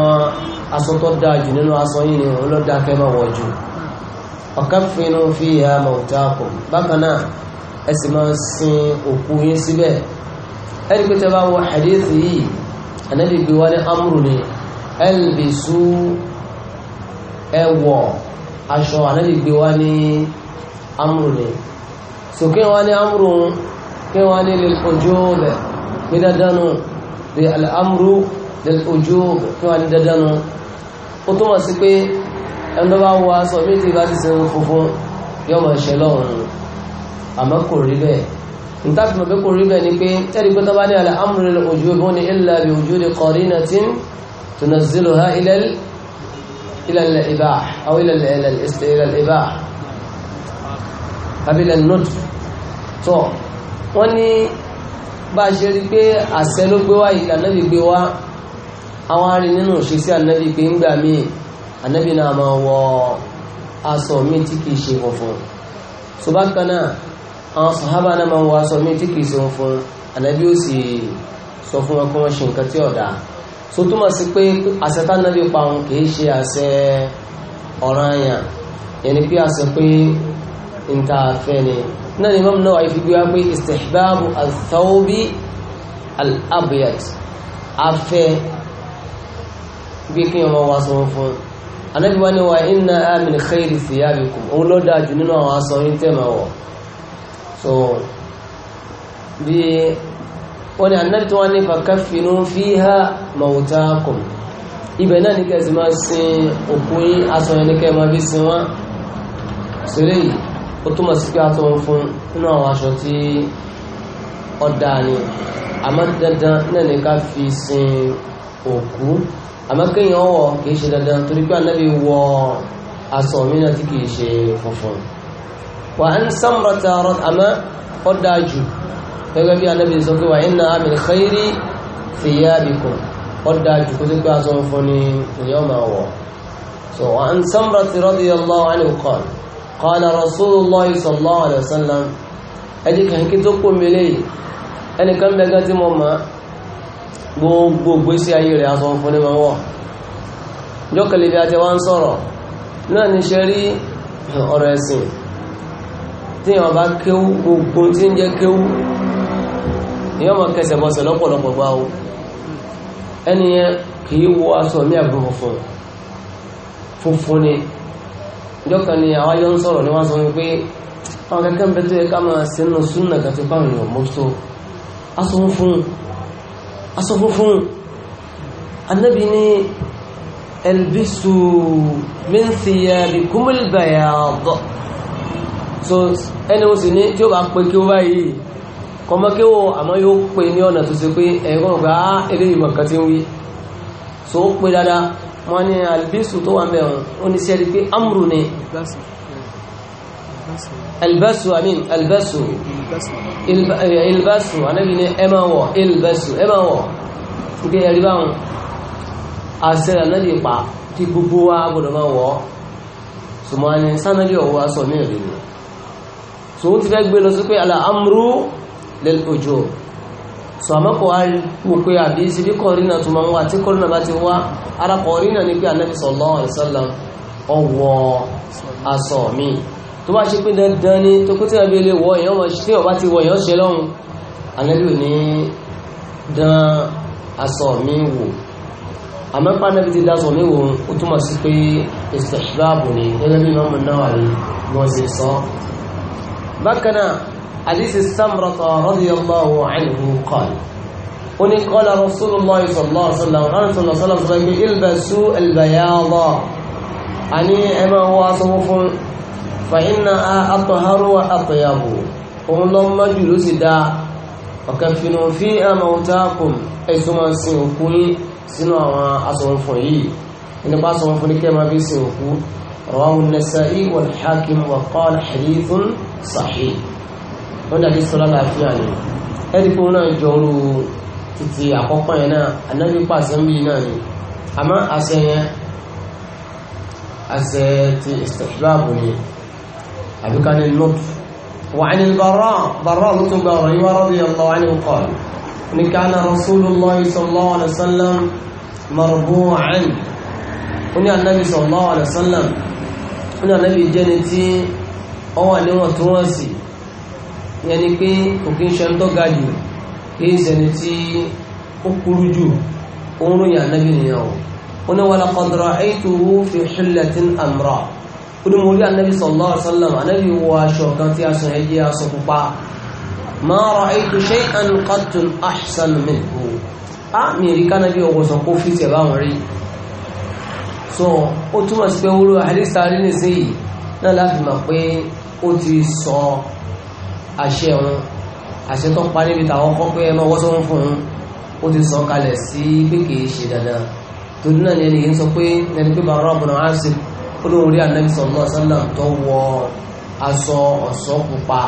aṣọ tó dáa jù nínú aṣọ yín ni òun ló dáa kẹ́ máa wọ̀ jù ọ̀káfínú fīhā mawtākum bákan náà ẹ sì máa sin òkú yín síbẹ̀ ẹni pé tẹ́ bá wọ hadithi yìí ànábì gbé wá ní amúrù ni ẹlbìsú ẹwọ̀ aṣọ ànábì gbé wá ní amúrù ni so kí wọ́n ní amúrù kí wọ́n ní lil ujub ní dandanu lè amúrù lil ujub kí wọ́n ní dandanu ó túmọ̀ sí pé ẹni tó bá wọ aṣọ méjì bá ti sin funfun yóò máa ṣe lọ́rùn àmọ́ kò rí bẹ́ẹ̀ nítàfi mọ̀ pé kò rí bẹ́ẹ̀ ni pé tẹ́lì pé tó bá ní al amru lil ujub ní illa bi wujudi qarinatin tunazziluha ilal إلى الإباح أو إلى إلى إلى الإباح أو إلى الندب tó wọ́n ní bá a ṣe rí pé àṣẹ ló gbé wá yìí ànábì gbé wá àwọn arìn nínú ṣe sí ànábì pé ń gbà mí ànábì náà máa wọ aṣọ mi tí kìí ṣe funfun ṣùgbọ́n kan náà àwọn sàhábà náà máa wọ aṣọ mi tí kìí ṣe funfun ànábì ó sì sọ fún wọn kí wọ́n ṣe nǹkan tí ọ̀dà so túmọ̀ sí pé àṣẹ tánàbí pa òun kìí ṣe àṣẹ ọ̀ranyàn yẹn ni pé àṣẹ pé n ta fẹ́ ni náà ni mọ́mù náà àìfi gbé wá pé istihbabu al-thawbi al-abyad afẹ́ bí kí ọmọ wa sọ fún anábí wá ní wa inna min khayri thiyabikum òun ló dáa jù nínú àwọn aṣọ yín tẹ́ máa wọ̀ so bí wọ́n ni annabi tó wá ní fàkàfínú fíhá mawtakum ibẹ̀ náà ní kẹsì máa sin òkú yí aṣọ yẹn ní kẹ máa bí sin wọ́n sílẹ̀ yìí ó túmọ̀ sí pé a tó ń fún nínú àwọn aṣọ tí ó dáa ni àmọ́ dandan náà ní ká fi sin òkú àmọ́ kéèyàn wọ̀ kìí ṣe dandan torí pé annabi wọ aṣọ mìíràn tí kìí ṣe funfun wà á ń sàmùrọ̀ta àmọ́ ó dáa jù gẹ́gẹ́ bí anábì sọ pé wà inna min khayri thiyabikum ọ̀dà jùkú tó pé aṣọ funfun ni èèyàn máa wọ̀ so an Samra radiyallahu anhu qala qala Rasulullah sallallahu alaihi wasallam ẹni kan kí ti wá ń sọ̀rọ̀ náà ni ṣe ọ̀rọ̀ ẹ̀sìn tí yàn bá kéwú gbogbo tí ń jẹ́ kéwú èèyàn máa kẹsẹ̀ bọ́sẹ̀ lọ́pọ̀lọpọ̀ gbá o ẹni yẹn kì í wọ aṣọ mi àbúrò funfun funfun ni ìjọkan ni àwọn ayọ́ ń sọ̀rọ̀ ni wọ́n sọ wípé àwọn kẹ́kẹ́ ń bẹ tó yẹ ká máa ṣe nínú súnà kan tó báwọn èèyàn mọ́tò aṣọ funfun aṣọ funfun anábì ní ẹlbísù min thiyabikumul bayad so ẹni mo sì ní tí ó bá pé kí ó báyìí ọmọ kí ó àmọ́ yóò pè ní ọ̀nà tó ṣe pé ẹ̀kọ́ pé á ah, kan tí ń wí so ó pè dáadáa wọ́n ní albisu tó wà mẹ́rin ó ní sẹ́rí pé amru ni albasu amin albasu Albasu, anábi ni ẹ máa wọ̀ ilbasu ẹ máa wọ̀ nígbẹ́ ẹ̀rí báwọn àṣẹ anábi pa kí gbogbo wa gbọdọ̀ máa wọ̀ sùmọ́ ni sanábi ọ̀wọ́ aṣọ mi rí so ó ti fẹ́ gbé lọ sí pé ala amru lẹ́lẹ́kọjọ́ sọ àmọ́kọ̀ wá wò pé àbí síbí kọ̀rínà tó máa ń wà tí kọ̀rínà bá ti wá ara kọ̀rínà ní pé anábì sallallahu alaihi wasallam ọwọ́ aṣọ mi tó bá ṣe pé dandan ni tó kó tí a bí ilé wọ èèyàn wọn tí ọba ti wọ èèyàn ṣe lọ́hùn anábì حديث السمرة رضي الله عنه قال وني قال رسول الله صلى الله عليه وسلم قال صلى الله عليه وسلم البسوا البياض أني أما هو صوف فإن أطهر وأطيب ومن ما جلوس دا وكفنوا فيها موتاكم أي سمع سنكوي سنوى أصوفي إن بعض صوفني كما في سنكو رواه النسائي والحاكم وقال حديث صحيح wọ́n dàbí sọ́lá láàfíà ni ẹ̀rí pé wọ́n náà jọ ń lu títí àkọ́kọ́ yẹn náà anábì pàṣẹ ń bí náà ni àmọ́ àṣẹ yẹn àṣẹ ti ìsìtẹ̀fúláàbù ni àbíká ní nọ́ọ̀tù وعن البراء براء بن بري رضي الله عنه قال إن كان رسول الله صلى الله عليه وسلم مربوعا إن النبي صلى الله عليه وسلم إن النبي جنتي أو أن وتواسي ìyẹn ni pé òkè iṣẹ́ ń tọ́ga jù kí ń sẹni tí ó kúrú jù òun ròyìn ànábì nìyẹn o ó ní wàlá kọdọrọ ẹyìtò owó fi ṣílẹ̀ tí ń àmúra ó ní mo rí ànábì sallallahu alaihi wasallam ànábì wọ aṣọ kan tí aṣọ yẹn jẹ́ aṣọ pupa ma ra'aytu shay'an qattu so ó túmọ̀ sí pé wúlò àdìsárí nìsín yìí náà láti mọ̀ pé ó ti sọ àṣẹ òun àṣẹ tó parí níbi tàwọn kọ́ pé ẹ máa wọ́sọ́ ń fún un ó ti sọ kalẹ̀ sí pé kìí ṣe dandan torí náà ni ẹni yìí ń sọ pé ẹni pé bàrọ̀ ọ̀bùnà áṣì ó lóun rí ànábì sallallahu alaihi tó wọ aṣọ ọ̀ṣọ́ pupa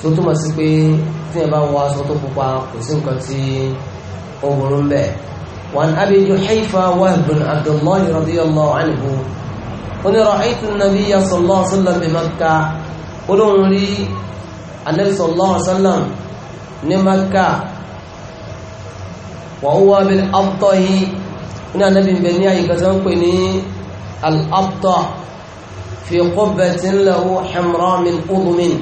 tó túmọ̀ sí pé tí ẹ bá wọ aṣọ tó pupa kò sí nǹkan tí ó burú ń bẹ̀. وعن أبي جحيفة وهب بن عبد الله رضي الله عنه قل رأيت النبي صلى الله عليه وسلم بمكة قلوا لي Ànábì sallallahu alaihi wasallam ní Mẹ́kà wa huwa bil Abtahi ní Ànábì ń bẹ ní àyíká tó ń pè ní al-Abtah fi qubbatin lahu hamra min udmin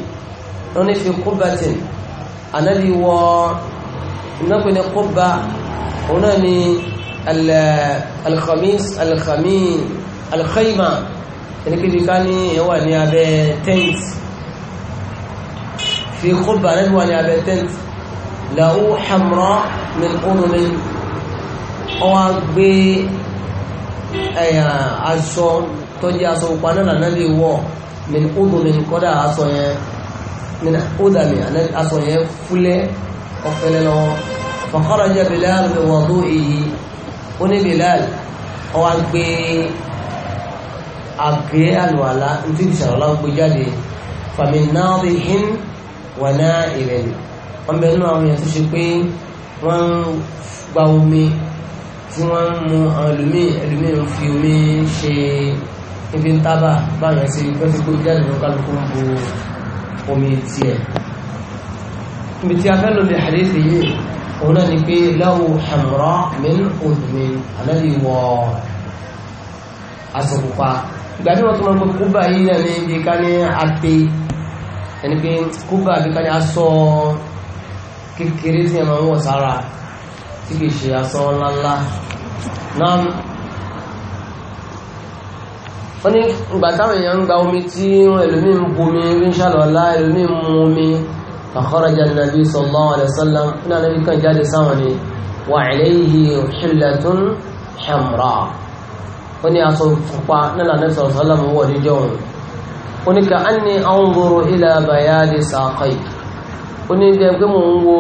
wọ́n ní fi qubbatin Ànábì wọ iná pè ní qubba òun náà ni al-khamis al ní ẹwà ní abẹ́ tẹ́ǹtì في خلبة ندوة لأبتنت له حمراء من قدم وأقبي أي عصو تجي عصو قانا لنبي هو من قدم قد عصو من قدم عصو فلي وفلي له فخرج بلال بوضوئه وني بلال وأقبي أقبي الولاء انتي بسر الله بجالي فمن ناضحين wà náà ìrẹ̀lẹ̀ wọ́n bẹ nínú àwọn èèyàn tó ṣe pé wọ́n ń gba omi tí wọ́n ń mu àwọn ẹlòmíì ẹlòmíì ń fi omi ṣe ibi ń tábà báyọ̀ sí pé tí kò jáde ló kálukú ń bu omi tiẹ̀. ibi tí a fẹ́ lò ní hadith yìí òun náà ni pé láwù hamra min udmi ànáyì wọ aṣọ pupa ìgbà máa ń gbọ́ kúbà yìí náà ní ibi ká ní àti ẹni pé kúbà bí káni aṣọ kékeré tí ẹ máa ń wọ̀ sára tí kìí ṣe aṣọ ńláńlá náà wọ́n ní ìgbà táwọn èèyàn ń gba omi tí ẹlòmíì ń bomi ríṣàlọ́lá ẹlòmíì ń mu omi àkọ́rọ̀jà nàbí sallallahu alaihi wasallam náà nàbí kan jáde sáwọn ni wà alayhi hillatun hamra wọ́n ní aṣọ pupa náà nàbí sallallahu alaihi wasallam wọ̀ níjọ́ oníkà á ní anzuru ila bayadi saqai oníbi ẹgbẹ́ mò ń wo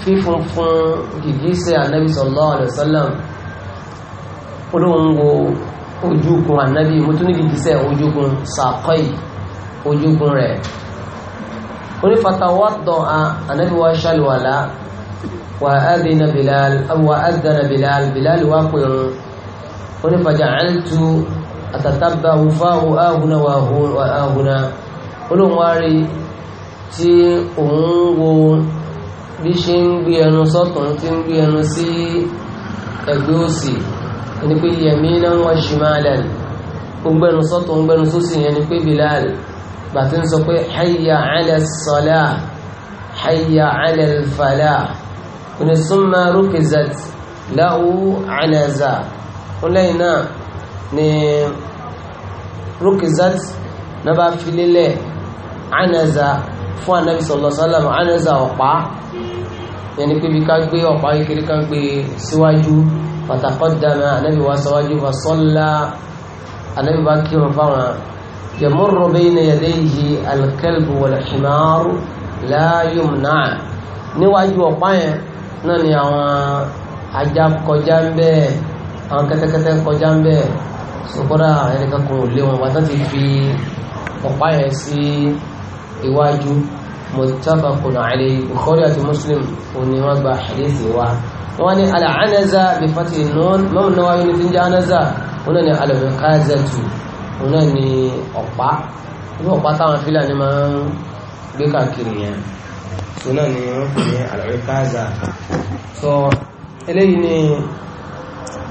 fífunfun gìgísẹ̀ anabi sallallahu alaihi wasallam olóhùn wo ojúgun anabi mo tún ní gìgísẹ̀ ojúgun saqai ojúgun rẹ̀ onífatawadọ́a anábíwá ṣàlùwàlá wà ádìna bilal wà ádìna bilal bilal wà pèrún onífàjà àìtú àtàtàbà ufáhu ahùnà wà ahùnà olóńwárí tí òun wo bí ṣe ń gbé ẹnu sọ́tún tí ń gbé ẹnu sí ẹgbẹ́ òsì ní pé yaminan wa shimalan ó ń gbẹnu sọ́tún ó ń gbẹnu sósì yẹn ni pé Bilal bàtí ń sọ pé hayya ala salah hayya ala falah onísùnmá rúkìzat láwù àlàzà ó lẹ́yìn náà ní rukizat náà bá fi lélẹ̀ anaza fún anabi sallallahu alaihi wasallam anaza ọ̀pá yẹni pé bí ká gbé ọ̀pá kékeré ká gbé síwájú fataqaddama anabi wá síwájú wa salla anabi bá kírun fáwọn yamurru bayna yadayhi alkalbu wal himaru la yumna níwájú ọ̀pá yẹn náà ni àwọn ajá kọjá ń bẹ́ẹ̀ àwọn kẹ́tẹ́kẹ́tẹ́ kọjá ń bẹ́ẹ̀ sọkọ́dá ẹnìkan kan ò lé wọn wọ́n ti fi ọ̀pá yẹn sí iwájú muttafaqun alayhi Bukhari àti Muslim òní wọ́n gba hadisi wa wọ́n ní al'anaza bí fati nun mọ́mù náà wáyé ní ti ń jẹ́ anaza wọ́n ní al'amukazatu wọ́n ní ọ̀pá inú ọ̀pá táwọn fílà ní máa ń gbé káàkiri yẹn so náà ni wọ́n pè ní al'amukazatu so eléyìí ni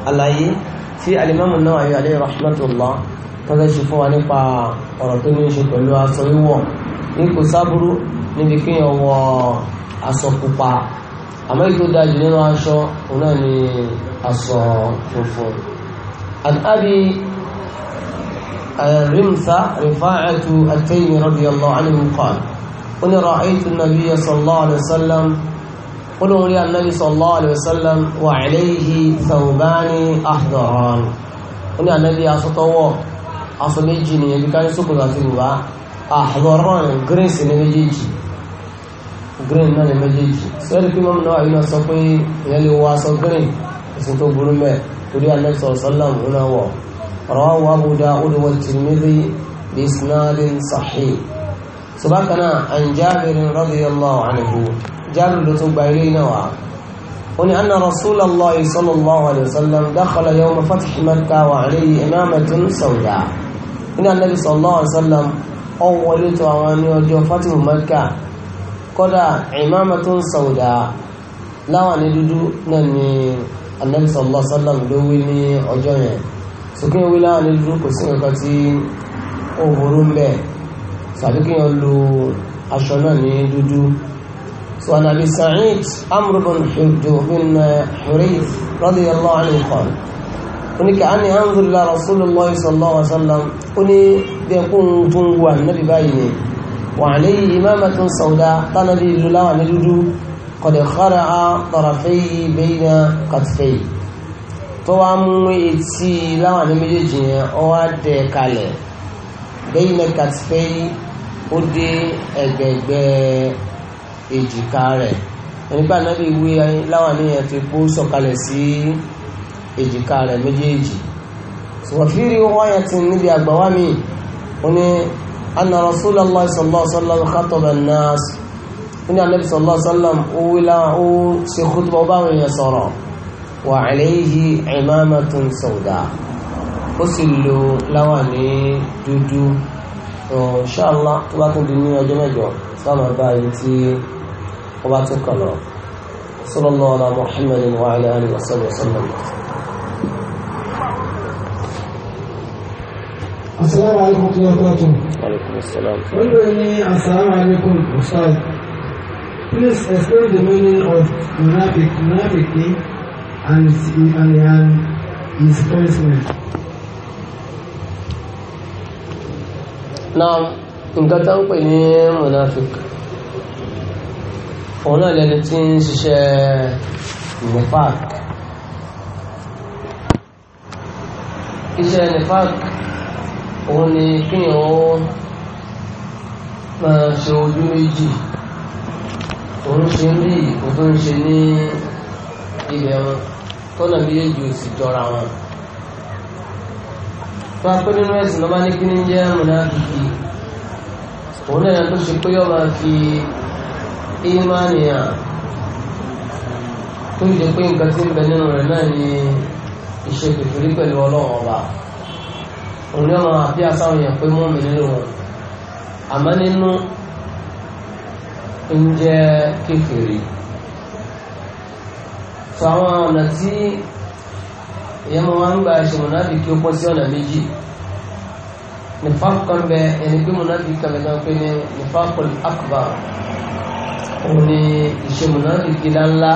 àlàyé tí alimami Nawawi alayhi rahmatullah tọ́lá ṣe fún wa nípa ọ̀rọ̀ tó ní ṣe pẹ̀lú aṣọ wíwọ̀ ní kò sábúrú níbi kí èèyàn wọ aṣọ pupa àmọ́ èyí tó dáa jù nínú aṣọ òun náà ni aṣọ funfun. àbí eh, rimsa rifa'atu at-Taymi radiyallahu ó ní ra'aytu an-nabiyya sallallahu alayhi olóhùn rí anábì sallallahu alaihi wasallam wà alayhi thawbani ahdaran ó ní anábì asọ́tọ́wọ́ aṣọ méjì ní ẹbí ká ní sókòtò àti bùbá ahdaran green sí ní méjèèjì green náà ní méjèèjì sọ́yẹ́ kí mọ́mù náà yìí sọ pé ìyẹn lè wọ aṣọ green ìsìn tó burú mẹ́ torí anábì sallallahu alaihi wasallam rawahu Abu Dawud wa Tirmidhi bi isnadin sahih سبقنا عن جابر رضي الله عنه جابر لتوب إلينا هنا أن رسول الله صلى الله عليه وسلم دخل يوم فتح مكة وعليه إمامة سوداء هنا النبي صلى الله عليه وسلم أول تواني وجو فتح مكة قد إمامة سوداء لا ندود نني النبي صلى الله عليه وسلم دويني أجوين سكين ولا ندود كسين كتين أبرون به sàbí kí wọ́n lo aṣọ náà ní dúdú so an abi sa'id amr bin hujubin hurayth radiyallahu anhu qal oni ka ani anzur ila rasulullah sallallahu alaihi wasallam oni de kun tun wa nabi bayi ne wa alayhi imamatun sauda tanabi lulawa ní dúdú qad khara'a tarafayhi bayna katfayhi tó wá mú etí láwọn ní méjèèjì yẹn ó dẹ̀ kalẹ̀ lẹ́yìn mẹ́kàtífẹ́ ó dé ẹ̀gbẹ̀gbẹ̀ èjìká rẹ̀ nígbà náà bí wí láwọn àníyàn ti kó sọ̀kalẹ̀ sí èjìká rẹ̀ méjèèjì wàfíìrì wáyà ti níbi àgbàwá mi ó ní anna rasulallah sallallahu alaihi wa sallam khataba an-nas ó ní anabi sallallahu alaihi wa ó wí láwọn ó ṣe kútùbà ó bá àwọn èèyàn sọ̀rọ̀ wà alayhi imamatun sauda ó sì lo láwọn ní dúdú ṣáàlá tó bá tún di ní ọjọ́ mẹ́jọ sáàmà báyìí tí wọ́n bá tún kàn lọ sallallahu ala Muhammadin wa ala alihi wa sallam. alaikum wa wa alaikum Ustaz. Please explain the meaning of Munafik, and, and, and náà nǹkan tó ń pè ní monafik òun náà lẹni tí ń ṣiṣẹ́ nifak iṣẹ́ nifak òun ni kíyàn ó máa ṣe ojú méjì òun ṣe ń rí òun tó ń ṣe ní ilẹ̀ wọn tọ́nà méjèèjì ò sì jọra wọn tó apẹ́ nínú ẹ̀sìn lọ́ba ní kíní jẹ́ mùnáfíkì òun náà tó ṣe pé ọba fi ìmánì hàn tó jẹ́ pé nǹkan tí ń bẹ nínú rẹ̀ náà ni iṣẹ́ kìfìrí pẹ̀lú ọlọ́run ọba òun ní ọmọ àbí àsáwọn èèyàn pé mú mi nínú ìyẹn mo máa ń gba ṣe mọ̀nàbí kí ó pọ́ sí ọ̀nà méjì nìfà kan bẹ ẹni pé mọ̀nàbí kan náà pé ní nìfà kan akbar òun ni ìṣe mọ̀nàbí gíga ńlá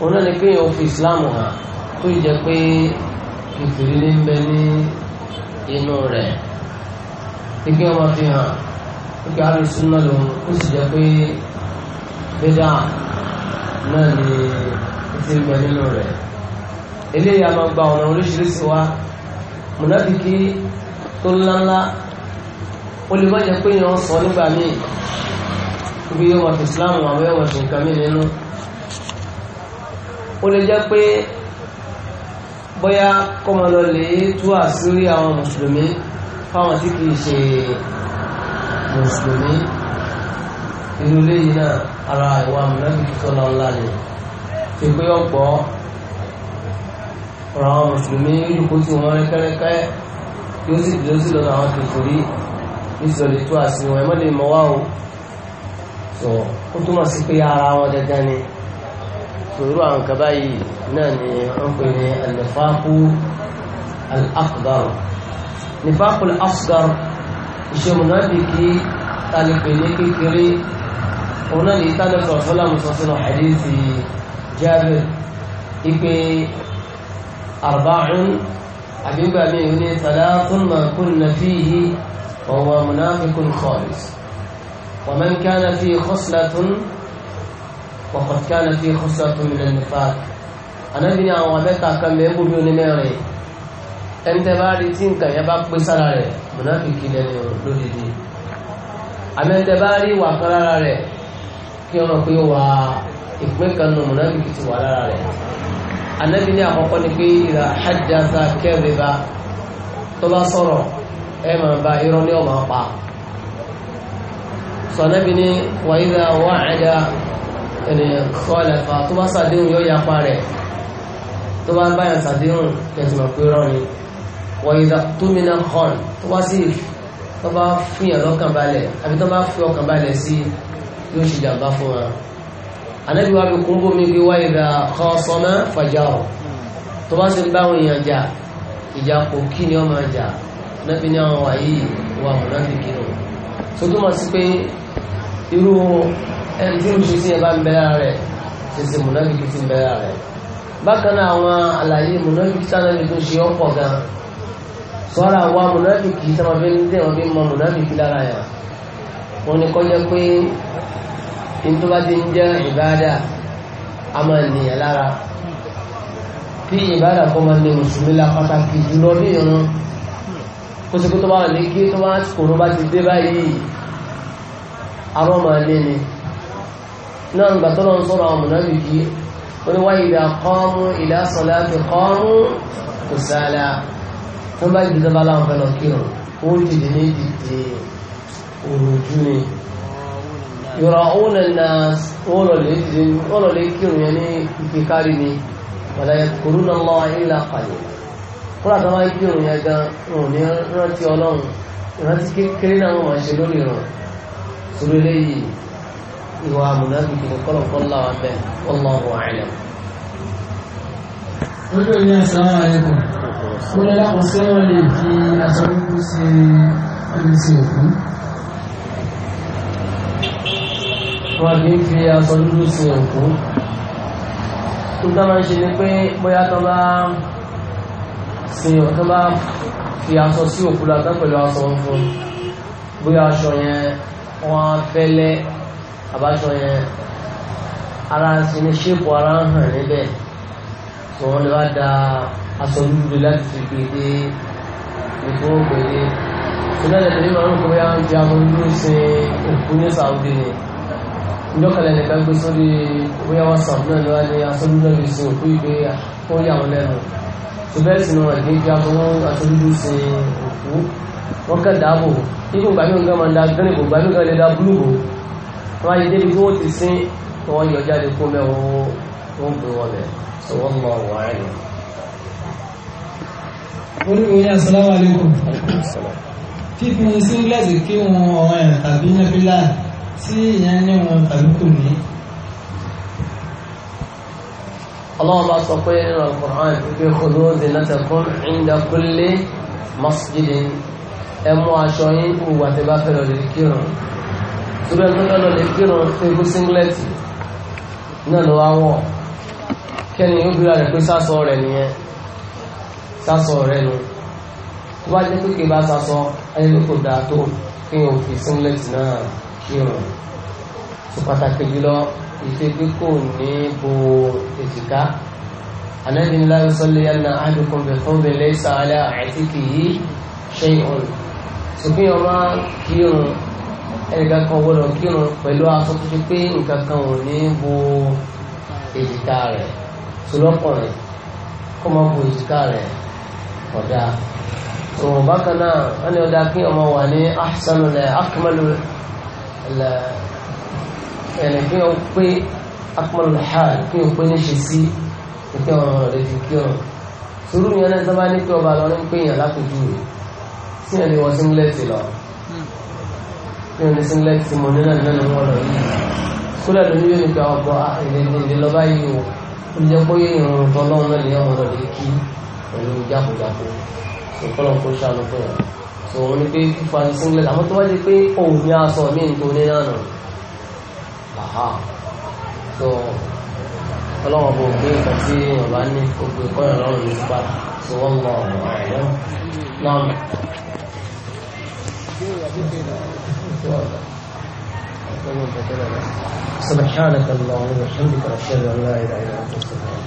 òun náà ni pé èèyàn fi Islam hàn tó jẹ pé ìfìrí ní bẹ ní inú rẹ̀ pé kí wọ́n máa fi hàn pé kí alẹ́ súnmọ́ lòun ó sì jẹ pé bídà náà ni ó bẹ nínú rẹ̀ eléyà máa gba ọ̀nà oríṣiríṣi wa mùnàfíkì tó ńláńlá ó lè má jẹ pé yẹn sọ nígbà míì ibi yóò wà fi islam àwọn yóò wà fi nǹkan mí nínú ó lè jẹ pé bóyá kọ́mọ lọ lè tú àṣírí àwọn mùsùlùmí fáwọn tí kìí ṣe mùsùlùmí inú léyìí náà ara ìwà mùnàfíkì tó ńláńlá ni fi pé ọ̀pọ̀ ọ̀rọ̀ àwọn mùsùlùmí lùkú tí wọ́n rẹ́kẹ́rẹ́kẹ́ tí ó sì dúró sí lọ́dọ̀ àwọn kìkìrí nítorí tó àsìn wọn ẹmọ́ lè mọ́ wá o sọ ó túmọ̀ sí pé ara wọn dandan ni sòrò àwọn kaba yìí náà ni wọ́n pè ní alifáàkú al-akbar nifáàkú al-asgar iṣẹ́ mùnàbìkì tàlẹ́pẹ̀ ní kékeré òun náà lè tàlẹ́pẹ̀ fọlá mùsọ̀sọ̀nà àdéhìí jábẹ̀ ipe arba'un àbígbà mi ò ní salatun ma kunna fihi wa huwa munafiqun khalis wa man kana fihi khuslatun wa qad kana fihi khuslatun min an-nifaq anábì ní àwọn abẹ́ta kan mẹ́ gbogbo ní mẹ́rin ẹni tẹ́ bá rí tí nǹkan yẹn bá pé sára rẹ̀ munafiki lẹ́nu lódìdí àmì bá rí wà kan lára rẹ̀ kí ọmọ pé wà ìpín kan nù munafiki ti wà lára rẹ̀ anábì ní àkọ́kọ́ ni pé ìlà hajjata kẹ́rìbá tó bá sọ̀rọ̀ ẹ máa bá irọ́ ní ọmọ pa sọ anábì ní wà ìlà wa'ada ẹni khalafa tó bá sàdéhùn yóò yapa rẹ̀ tó bá báyàn sàdéhùn kẹsìmọ̀ pé rọ́ ni wà ìlà tumina khan tó bá sì tó bá fìyàn lọ́kàn balẹ̀ àbí tó bá fi ọkàn balẹ̀ sí yóò ṣe jàmbá fún wa anabi wa kún bó mi gbé wáyé ra khasama fajara tó bá sì ń bá àwọn èèyàn jà ìjà kò kí ni ọmọ jà nábi ní àwọn wàyí wà mọ̀ náà kí ni tó túmọ̀ sí pé irú ẹni tí ń ṣe sí ẹ̀bá ń bẹ lára rẹ̀ ṣe ṣe mùnáfíkì ti ń bẹ lára rẹ̀ bákan náà àwọn àlàyé mùnáfíkì sánàbí tó ṣe ọ̀pọ̀ gan sọ́ra wa mùnáfíkì sábà fi ń tẹ̀ wọ́n fi ń mọ wọ́n ní kọ́ tó bá ti ń jẹ́ ìbáadà a máa nìyàn lára kí ìbáadà kọ́ máa ní mùsùlùmí la pàtàkì jùlọ bí irun kó sì kó tó bá wà ní kí tó bá kòrò bá ti dé báyìí arọ́ máa lé ni náà gbà tó lọ́n sọ́rọ̀ àwọn mùnàbí kí wọ́n ní wáyé ìdá kọ́mú ìdá sọ̀lá ti kọ́mú kò sálá tó bá jù tó bá láwọn fẹ́ lọ kírun ó dìde ní dìde òròjú ni yọ̀rọ̀ òun nà wọ́n lọ lè kírun yẹn ní ibi kárí ni wàlá kòrú náà lọ́wọ́ ilà pàdé kúrò àtàwọn kírun yẹn gan wọn ò ní rántí ọlọ́run ìrántí kékeré náà wọ́n máa ṣe lórí rọ̀ sórí eléyìí ìwà àmúnábìkì ní kọ́lọ̀kọ́lá wa bẹ́ẹ̀ wọ́n lọ́wọ́ àìlẹ̀. Ojú ìyá ìsàmà ẹ̀kọ́, ó lọ́lá kò sẹ́wọ̀n lè fi aṣọ wípé ṣe ẹni sí òkú. wọ́n kì í fi aṣọ dúdú sin òkú nígbà máa ń ṣe ni pé bóyá tó bá sin tó bá fi aṣọ sí òkú látà pẹ̀lú aṣọ fún bóyá aṣọ yẹn wọ́n fẹ́lẹ́ àbáṣọ yẹn ara sí ní ṣépù ara ń hàn níbẹ̀ tí wọ́n lè wá da aṣọ dúdú láti fi gbèdé ìfowópèdé ìdájọ́ ìdílé máa ń kó bóyá ń fi aṣọ dúdú sin òkú ní Saudi ni ìjọkàlẹ̀ nìkan gbé sórí bóyá whatsapp náà ló wá ní asọ́dúnlọ́ lè sin òkú ìgbé ó yà wọn lẹ́nu tó bẹ́ẹ̀ sì ni wọn kì í fi aṣọ wọn asọ́dúnlọ́ sin òkú wọn kàn dáàbò ikú gbàmí nǹkan máa ń da gírín kò gbàmí nǹkan lè da búlù bò wọn á yẹ débi kí wọn ti sin wọn yọ jáde kó mẹ́wọ́ wọn gbé wọn lẹ̀ sọ wọn mọ àwọn àyè. olùkọ́ yẹn asalaamualeykum fífi singlet kí wọn ọ̀rọ̀ ẹ̀ tàbí nẹ́fílà tí ìyẹn ní wọn tàbí kò ní. Allah bá sọ pé nínú Al-Qur'an pé khudhu zinatakum inda kulli masjidin ẹ mú aṣọ yín òwò àti bá fẹ́ lọ lè kírun tóbi ẹni tó lọ lè kírun fún singlẹ́tì náà ló wá wọ̀ kẹ́ni yóò bí rẹ̀ pé sásọ rẹ̀ nìyẹn sásọ rẹ̀ nu tó bá jẹ́ pé kì í bá sásọ ẹni kò dáa tó kí n ò fi singlẹ́tì náà kírun hmm. pàtàkì jùlọ ìṣègbè kò ní bo èjìká anabi ńlá sọlẹ yànnà àdùkùn bẹ fún bẹlẹ sàálẹ àti kìí ṣe ìhùn ṣùgbọ́n yóò máa kírun ẹnìkan kan gbọ́dọ̀ kírun pẹ̀lú aṣọ tó ṣe pé nǹkan kan ò ní bo èjìká rẹ̀ ṣùlọ́kùnrin kó máa bo èjìká rẹ̀ ọ̀dà. tòun bákan náà wọ́n ní ọ̀dà kí ọmọ wà ní ahsanul akmalul la ẹni kí wọ́n pé akpọ̀lọ̀ ha kí wọ́n pé níṣe sí ìpín ọ̀rọ̀ rẹ̀ fi kí ọ̀rọ̀ sùúrù yẹn sábà ní pé ọba lọ ní pé èèyàn lápòjú rẹ̀ sí ẹni wọ́n singlet lọ ní ẹni singlet mo ní náà nínú wọn lọ yìí kódà lórí yóò ní ọkọ ìdè ah, lọ báyìí o ó jẹ́ pé ìrùn tọ́lọ́run náà lè yẹ wọn lọ lè kí pẹ̀lú jákòjákò ìfọlọ́kọ ṣàlùkọ yẹn òun ni pé fífa ní singlet àmọ́ tó bá di pé òun ní aṣọ mi ní torí náà nù àhá so ọlọ́wọ́n bò gbé nǹkan tí ọba ní gbogbo ìkọ́yọ̀ lọ́rùn ní sípa so wọ́n lọ ọ̀rọ̀ àìyá náà. سبحانك اللهم وبحمدك اشهد ان لا اله الا انت استغفرك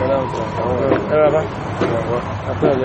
Assalamu alaikum.